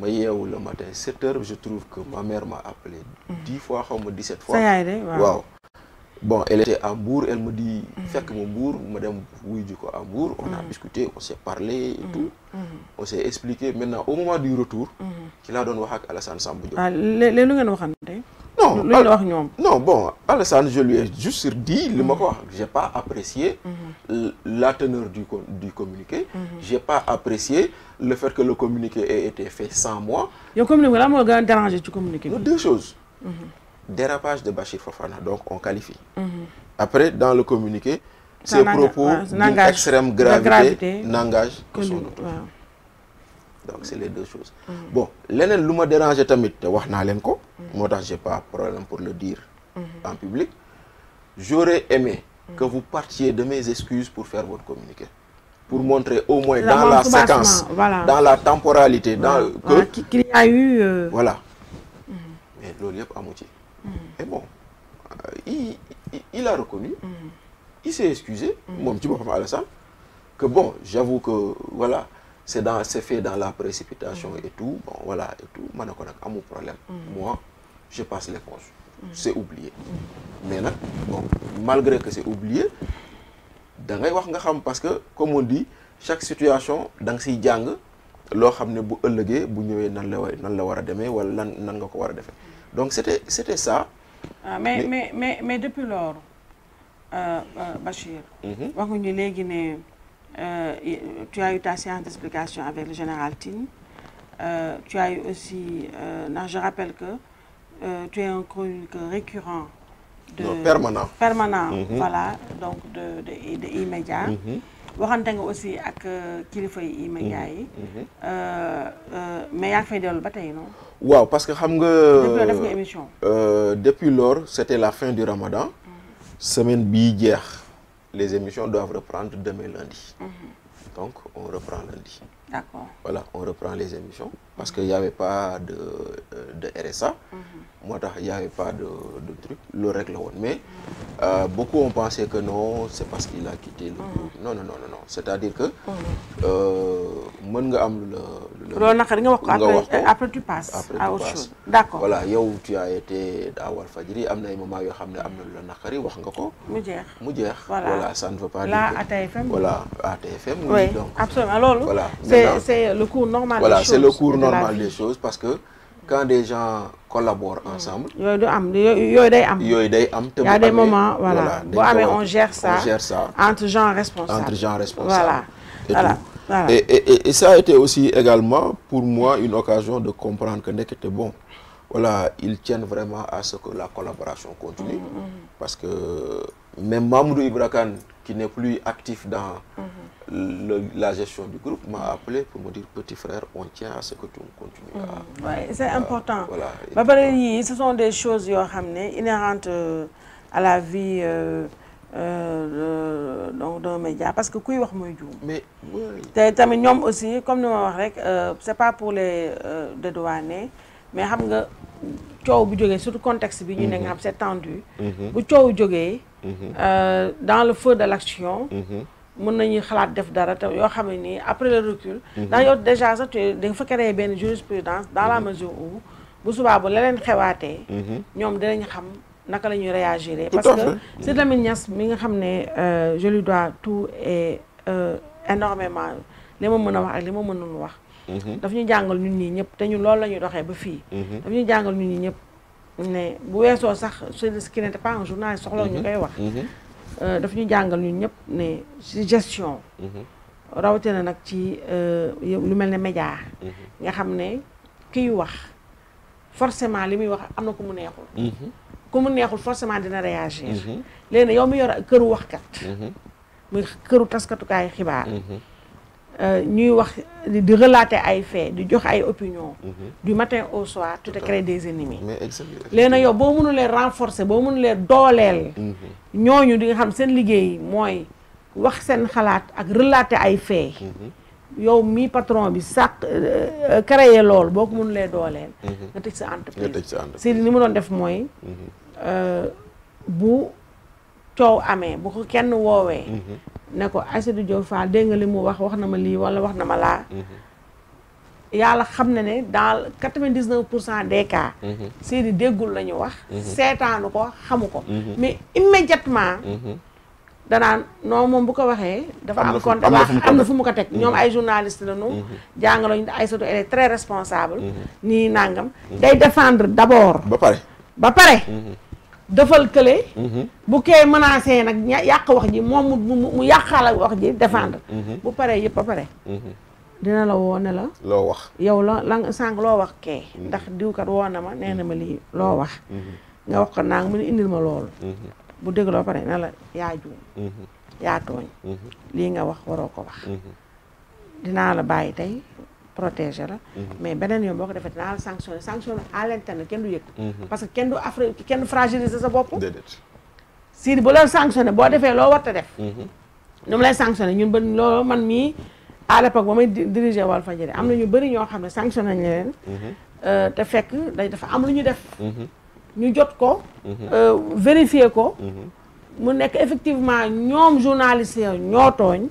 Je me le matin, 7 h je trouve que ma mère m'a appelé 10 fois, 17 fois. Bon, elle était à Bourg, elle me dit, fais que mon bourre, madame, à Bourg, on a mm. discuté, on s'est parlé et mm. tout. Mm. On s'est expliqué. Maintenant, au moment du retour, qu'elle qu'il a donné à Alassane Sambou. Ah, les, non ah, non bon Alassane je lui ai juste dit le n'ai pas apprécié mhm. la teneur du du communiqué n'ai mhm. pas apprécié le fait que le communiqué ait été fait sans moi communiqué dérangé communiqué deux choses mhm. dérapage de Bachir Fofana donc on qualifie après dans le communiqué ses propos d'une extrême gravité n'engagent que son auteur donc c'est les deux choses. Mm-hmm. bon l'un lu ma déranger tamit te moi naa leen ko. n'ai mm-hmm. pas j'ai problème pour le dire. Mm-hmm. en public j'aurais aimé. que vous partiez de mes excuses pour faire votre communiqué. pour montrer au moins dans la séquence dans la temporalité dans que qu'il y a eu. Euh, voilà mais a a amu Et bon euh, il a reconnu. il s'est excusé. pas à la ça, que bon j'avoue que voilà c'est dans c'est fait dans la précipitation et tout bon voilà et tout maintenant on a un problème. Mm. moi je passe les l'éponge. Mm. c'est oublié. mais bon malgré que c'est oublié da ngay wax parce que comme on dit chaque situation dans ces jang lo xamné bu dans bu ñëwé nan la nan la war a wala nan nga ko wara défé donc c'était c'était ça. Ah, mais mais mais mais depuis lors euh, euh, Bachir. Mhm. ñu légui né euh, euh, tu as eu ta séance d'explication avec le général Tin. Euh, tu as eu aussi, non, je rappelle que tu es un chroniqueur récurrent. De, non, permanent. Permanent, mm-hmm. voilà, donc de, de, tu immédiat. Mm -hmm. nga aussi ak kilifa yi mm-hmm. Mm-hmm. mais tu ngi fay des la Wow, non. parce que xam depuis depuis lors c'était la fin du Ramadan. semaine bi les émissions doivent reprendre demain lundi. Mhm. Donc, on reprend lundi. D'accord. Voilà, on reprend les émissions parce qu'il n'y avait pas de, euh, de RSA. Mhm. Moi, il n'y avait pas de, de truc, le règle. Mais euh, beaucoup ont pensé que non, c'est parce qu'il a quitté le mhm. groupe. Non, non, non, non. non. C'est-à-dire que. Mon mm -hmm. euh, après, après tu passes après, à autre chose. D'accord. Voilà, où tu as été à Walfadjiri, amna moment yo xamné amna le nakari wax nga ko mu mu voilà ça ne veut pas Là, dire que, à TFM voilà à TFM oui, oui donc absolument alors voilà c'est le cours normal voilà, des choses. c'est le cours normal des choses parce que quand des gens collaborent mm. ensemble. il y a des moments voilà on gère ça entre gens responsables. voilà et ça a été aussi également pour moi une occasion de comprendre que Nek était bon. Voilà, ils tiennent vraiment à ce que la collaboration continue. Mm, mm. Parce que mais Mamoudou Ibrakan, qui n'est plus actif dans la gestion du groupe, m'a appelé pour me dire petit frère, on tient à ce que tu continues mm. c'est important. ce sont des choses inhérentes euh, à la vie. Euh, euh, média parce que kuy wax mais oui. aussi comme nous l'avons wax euh, c'est pas pour les euh, dédouaner mais coow bu jógee surtout contexte bi ñu ne mhm. nga xam c'est tendu mhm. bu coow mhm. euh, dans le feu de l'action mën nañuy xalaat def dara te yoo xam ne après le recul dans yow déjà ça tu da fa créer benn jurisprudence dans la mesure où bu subaa bu leneen xewaatee ñoom dinañ xam naka lañu ñuy réagir parce que Sidy Lamine Niass mi nga xamné ne euh, je lui dois tout et euh, énormément li ma mëna wax ak li ma mënul wax Mhm. daf ñu jàngal ñun ñii ñëpp te ñun loolu la ñuy doxee ba fii. Mhm. daf ñu jàngal ñun ñii ñëpp ne bu weesoo sax ce qui n'était pas un journaliste soxla ñu mhm. koy wax. Euh, daf ñu jàngal ñun ñëpp ne si gestion. rawatina nag ci euh, lu mel ne média. nga xam ne kiy wax forcément li muy wax am na ku mu neexul. ku mu neexul forcément dina réagir. léegi yow mi yor këru waxkat. muy këru taskatukaay xibaar. Euh, ñuy wax di rëlaate ay faits di jox ay opinions. Mhm. du matin au soir tu te crées des ennemis. léegi nag yow boo mënulee renforcer boo mënulee dooleel. Mhm. ñooñu di nga xam seen liggéey mooy wax seen xalaat ak relater ay faits. Mhm. yow mi patron bi sàq euh, euh, créé lool boo ko mënulee dooleel. nga tëj sa entreprise. si li mu doon def mooy bu. coow amee bu ko kenn woowee mhm. ne ko Aïssatou Diop Fall dégg nga li mu wax wax na ma lii wala wax na ma laa mhm. yàlla xam na ne dans quatre-vingt-dix-neuf pour cent des cas mhm. seeni déggul la ñu wax seetaanu ko xamu ko mais immédiatement danaan non moom bu ko waxee dafa am compte baax am na fu mu ko teg ñoom ay journaliste la ñu jàngalo ñu Aïssatou elle très responsable nii nangam day défendre d'abord ba pare ba pare defal kële. Mhm. bu kee mënaasee nag yàq wax ji moom mu mu yàqaal wax ji défendre. Mhm. Mhm. bu paree yëpp a pare. dina la woo ne la. loo wax yow la la sànq loo wax kee. ndax diwkat woo na ma nee na ma lii loo wax. nga wax ko naan mu ne indil ma loolu. bu dégloo pare ne la yaa juum. yaa tooñ. lii nga wax waroo ko wax. dinaa la bàyyi tey protéger la mhm. mais beneen yoon boo ko defee dinaa la sanctionné sanctionné à l'interne kenn du yëg mhm. parce que kenn du affré kenn du fragiliser sa bopp Sidi bu la sanctionné boo defee loo warta def ñu mhm. mu lay sanctionné ñun ba loolu man mii à l'époque ba may diriger Walfadjri am na ñu bëri ñoo xam ne sanctionné nañ leen euh, te fekk day dafa am lu ñu def ñu jot ko euh, vérifier ko mu nekk effectivement ñoom journaliste yo ñoo tooñ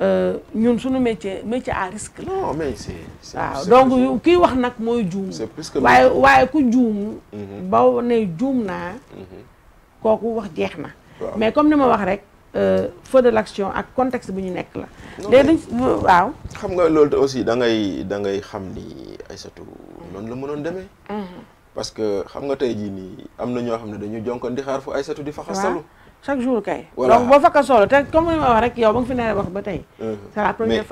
Euh, ñun suñu métier métier à risque la. non mais c' est waaw donc kii wax nag mooy juum. c' est que waaye waaye ku juum. Mhm. ba ne juum naa. Mhm. kooku wax jeex na. mais comme ni ma wax rek. Euh, feu de l' ak contexte bu ñu nekk la. léegi waaw. xam nga loolu aussi da ngay da ngay xam ni Aïssatou noonu la mënoon demee. Mhm. parce que xam nga tey jii nii am na ñoo xam ne dañu jonkoon di xaar fu ay Aïssatou di fa xasalu. chaque jour kay. voilà donc boo fekk solo te comme ni ma wax rek yow ba fi nee ba tey. Euh, c'est la première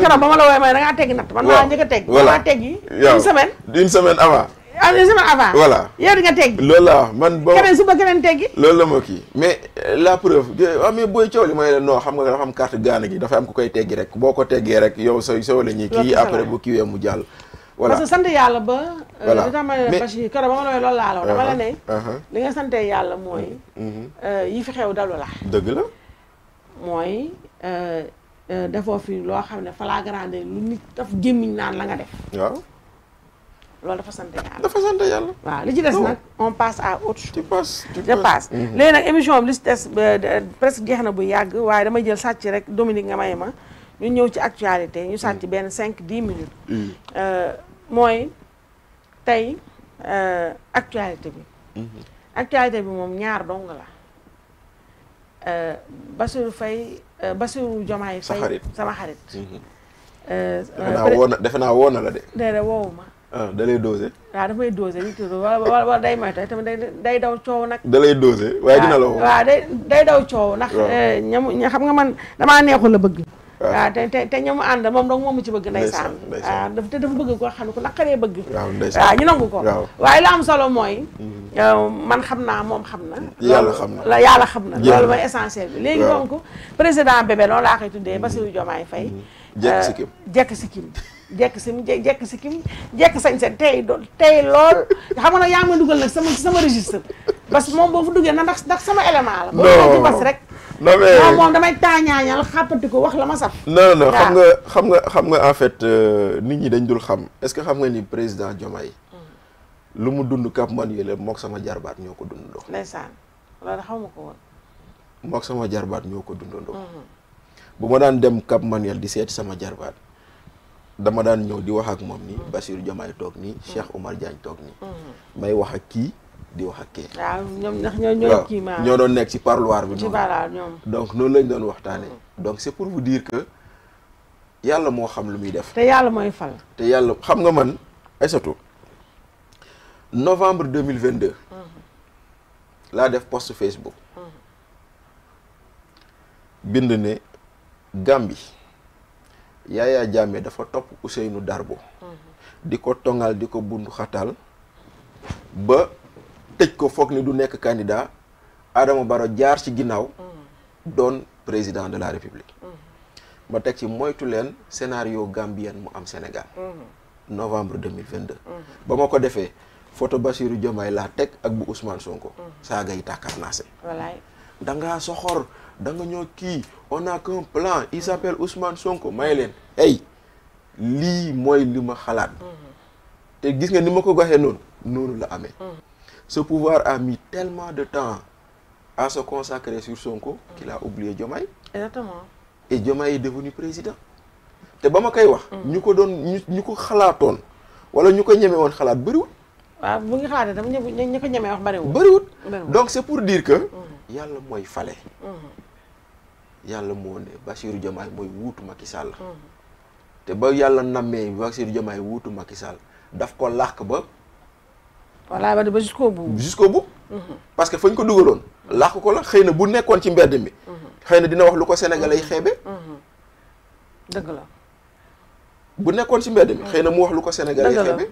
nga am man maa njëkk a teg. voilà maa ah, man boo keneen suba keneen teggi. loolu la moo euh, ah, coow li may la xam nga dafa am carte gaana gi dafa am ku koy teggi rek boo ko teggee rek yow sa sow la ñuy kii après bu kiiwee mu jàll. voilà sant yàlla ba. Euh, voilà li tax ma Bachir keroog ba ma looy loolu laa la dama la ne. Uh-huh. Uh-huh. li nga sante yàlla mooy. Mm-hmm. Euh, yi fi xew dalu la. dëgg la. mooy euh, defoo fi loo xam ne flagrant de lu nit daf gémmiñ naan la nga def. waaw. loolu dafa sant yàlla. dafa sant yàlla. waaw li ci des oh. nag on passe à autre chose. tu passes tu passes. Mm-hmm. nag émission bi li presque jeex na bu yàgg waaye dama jël sàcc rek Dominique nga may ma ñu ñëw ci actualité ñu sàcc mm-hmm. benn cinq 10 minutes. mooy tey euh, actualité bi. Mhm. actualité bi moom ñaar dong la euh, Bassirou Faye euh, Bassirou Diomaye Faye sama xarit. Mhm. defe naa woo na la de. déedéet woowu ma. ah da lay dosé. waaw dafay dosé nit day moytu tamit day daw coow nag. da lay dosé waaye dina la day day daw coow nag eh, ña xam nga man damaa neexul la bëgg. waa ah, te te te ñamu ànd moom moom mu ci bëgg ndeysaan waaw ah, daf te dafa bëgg koo xam ne ku naqaree bëgg waaw ah, ñu nangu ko waaye la am solo mooy mm-hmm. man xam naa moom xam na yàlla xam na la yàlla xam na loolu mooy essentiel bi léegi donc président bébé noonu laa koy tuddee mm-hmm. Bassirou Diomaye Faye mm-hmm. jekk sikkim jekk sikkim jekk si jekk si kim jekk sañ sa tey do tey lool xam nga nag yaa ngi ma dugal nag sama sama registre parce que moom boo fa duggee na ndax ndax sama élément la boo ci bas rek non mais ah, moom damay taañaañal xàppati ko wax la ma saf. non non xam nga xam nga xam nga en fait euh, nit ñi dañ dul xam est-ce que xam nga ni président Diomaye mm. lu mu dund Cap Manuel mook sama jarbaat ñoo ko dundandoo. ndeysaan loolu xaw ma ko mook sama jarbaat ñoo ko dundandoo. Mm-hmm. bu ma daan dem Cap Manuel di seet sama jarbaat dama daan ñëw di wax ak moom nii mm. Bassirou Diomaye toog nii Cheikh mm. Oumar Diagne toog nii. Mm-hmm. may wax ak kii. di wax ak kii. waaw ñoom ñoo doon nekk ci parloir bi. ci parloir ñoom. donc noonu lañ doon waxtaanee. donc c'est pour vous dire que yàlla moo xam lu muy def. te yàlla mooy fal. te yàlla xam nga man ay surtout novembre mille vingt deux. Mhm. laa def post Facebook. Mhm. bind ne Gàmbi Yaya Jammeh dafa topp Ousseynou Darbo. Mhm. di ko tongal di ko bundu xatal ba. tej ko foog ni du nek candidat Adama baro jaar ci ginnaw don président de la république ma tek ci moytu len scénario gambien mu am Sénégal novembre 2022 ba ma ko defee photo Bassirou Diomaye la tek ak bu Ousmane Sonko gay yi tàkkar wallahi da nga soxor da nga ñoo ki on a qu'un plan il s'appelle Ousmane Sonko may len hey li moy li ma xalaat mm-hmm. te gis nga ni ma ko waxee noonu la amee ce pouvoir a mis tellement de temps à se consacrer sur Sonko qu'il a oublié Diomaye. exactement et Diomaye est devenu président. te ba ma wax. ñuko don ñuko ñu wala ñuko ñëmé won woon xalaat bëriwul. Ah, bu ngi xalaatee dama ñu ko wax bëriwul. bëriwul donc c'est pour dire que. Mm. yàlla mooy fale. Mm. Yalla mo né Bassirou Diomaye moy wuutu Macky Sall. Mm. te ba Yalla namé Bassirou Diomaye wuutu Macky Sall daf ko làq ba. voilà ba jusqu'au bout. jusqu'au bout. Mm-hmm. parce que fañ ko dugaloon. làq ko la xëy na bu nekkoon ci mbedd mi. Mm-hmm. xëy na dina wax lu ko sénégalais yi xeebe. Mm-hmm. dëgg la. bu nekkoon ci mbedd mi. xëy na mu wax lu ko sénégalais yi xeebe.